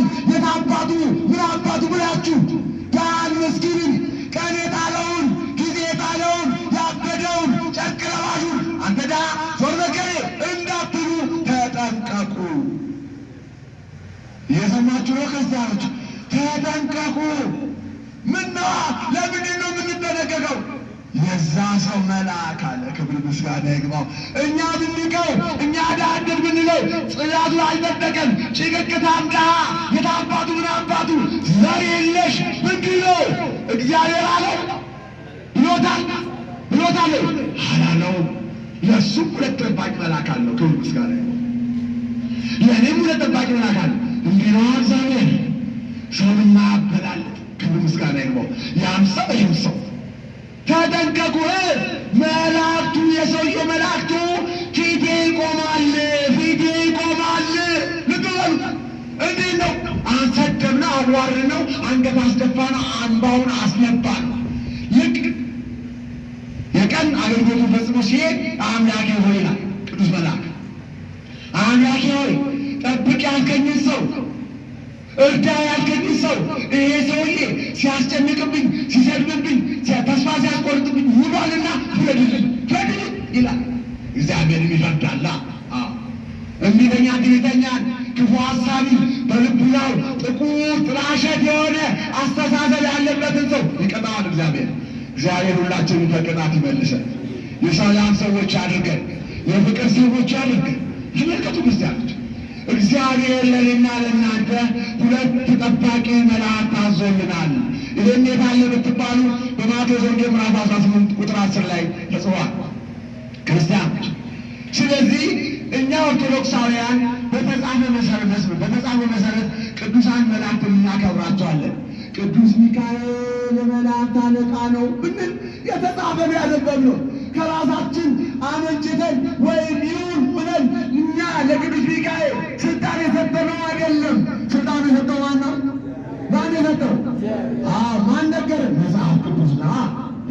ይላል። የት አባቱ ምን አባቱ ብላችሁ ያን ምስኪንን ቀን የጣለውን ጊዜ የጣለውን ያበደውን ጨቅለባሹን ለባሹን አንተ ድሀ ዞር እንዳትሉ ተጠንቀቁ። የሰማችሁ ነው? ክርስቲያኖች ተጠንቀቁ። ምነዋ ለምንድን ነው የምንጠነቀቀው? የዛ ሰው መልአክ አለ። ክብር ምስጋና ይግባው። እኛ ብንቀው እኛ ዳ ጽላቱ አልጠበቀም። ጭቅቅት አምጣ አባቱ ምን አባቱ ዘር የለሽ ምንድን ነው እግዚአብሔር አለ ብሎታል ብሎታል አላለውም። ለእሱም ሁለት ጠባቂ መልአክ አለው። ክብር ምስጋና ለእኔም ሁለት ጠባቂ መልአክ አለ። እንዲህ ነው እግዚአብሔር ሰውና አበላለጥ። ክብር ምስጋና ይግባው። ያም ሰው ይህም ሰው ተጠንቀቁ። መላእክቱ የሰውየው መላእክቱ ሲያዋርድ ነው፣ አንገት አስደፋ ነው፣ አንባውን አስነባ ነው። ይቅ የቀን አገልግሎቱ ፈጽሞ ሲሄድ አምላኬ ሆይ ይላል ቅዱስ መልአክ። አምላኬ ሆይ ጠብቅ ያልከኝን ሰው እርዳ ያልከኝን ሰው ይሄ ሰውዬ ሲያስጨንቅብኝ፣ ሲሰድብብኝ፣ ተስፋ ሲያስቆርጥብኝ ውሏልና ፍረድልኝ፣ ፍረድልኝ ይላል። እግዚአብሔር ይፈርዳላ። የሚተኛ ይተኛል ክፉ ሀሳቢ በልቡናው ጥቁር ጥላሸት የሆነ አስተሳሰብ ያለበትን ሰው ይቀጣዋል እግዚአብሔር። እግዚአብሔር ሁላችንም ከቅጣት ይመልሰን፣ የሰላም ሰዎች አድርገን፣ የፍቅር ዜጎች አድርገን። ተመልከቱ ክርስቲያኖች፣ እግዚአብሔር ለእኔና ለእናንተ ሁለት ጠባቂ መልአክ ታዞልናል። ይህም የታለ ብትባሉ በማቴዎስ ወንጌል ምዕራፍ 18 ቁጥር 10 ላይ ተጽፏል። ክርስቲያኖች፣ ስለዚህ እኛ ኦርቶዶክሳውያን በመጽሐፈ መሰረት በመጽሐፈ መሰረት ቅዱሳን መላእክት እናከብራቸዋለን። ቅዱስ ሚካኤል መላእክት አለቃ ነው ብንል የተጻፈ ነው ነው። ከራሳችን አመንጭተን ወይም ይሁን ብለን እኛ ለቅዱስ ሚካኤል ስልጣን የሰጠነው አይደለም። ስልጣን የሰጠው ማን ነው? ማን የሰጠው? ማን ነገር? መጽሐፍ ቅዱስ ና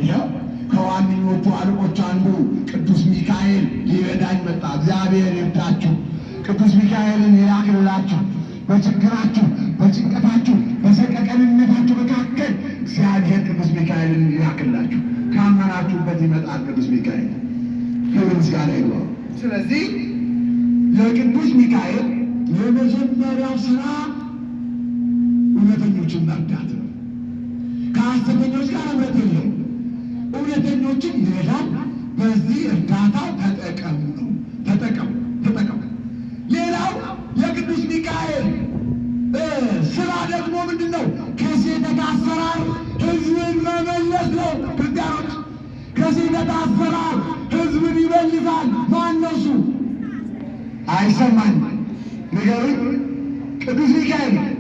ይኸው ከዋነኞቹ አለቆች አንዱ ቅዱስ ሚካኤል ሊረዳኝ መጣ። እግዚአብሔር ይርዳችሁ። ቅዱስ ሚካኤልን የላክንላችሁ በችግራችሁ፣ በጭንቀታችሁ፣ በሰቀቀንነታችሁ መካከል እግዚአብሔር ቅዱስ ሚካኤልን ይላክላችሁ። ካመናችሁበት ይመጣል ቅዱስ ሚካኤል። ክብር ምስጋና ይግባው። ስለዚህ ለቅዱስ ሚካኤል የመጀመሪያው ስራ እውነተኞችን መርዳት ነው። ከሐሰተኞች ጋር እምነት የለው። እውነተኞችን ይረዳል። በዚህ እርዳታ ተጠቀሙ ነው። ሚካኤል ስራ ደግሞ ምንድን ነው? ከሴተት አሰራር ህዝብን መመለስ ነው። ክርስቲያኖች፣ ከሴተት አሰራር ህዝብን ይመልሳል። ማነሱ አይሰማኝ ነገር ቅዱስ ሚካኤል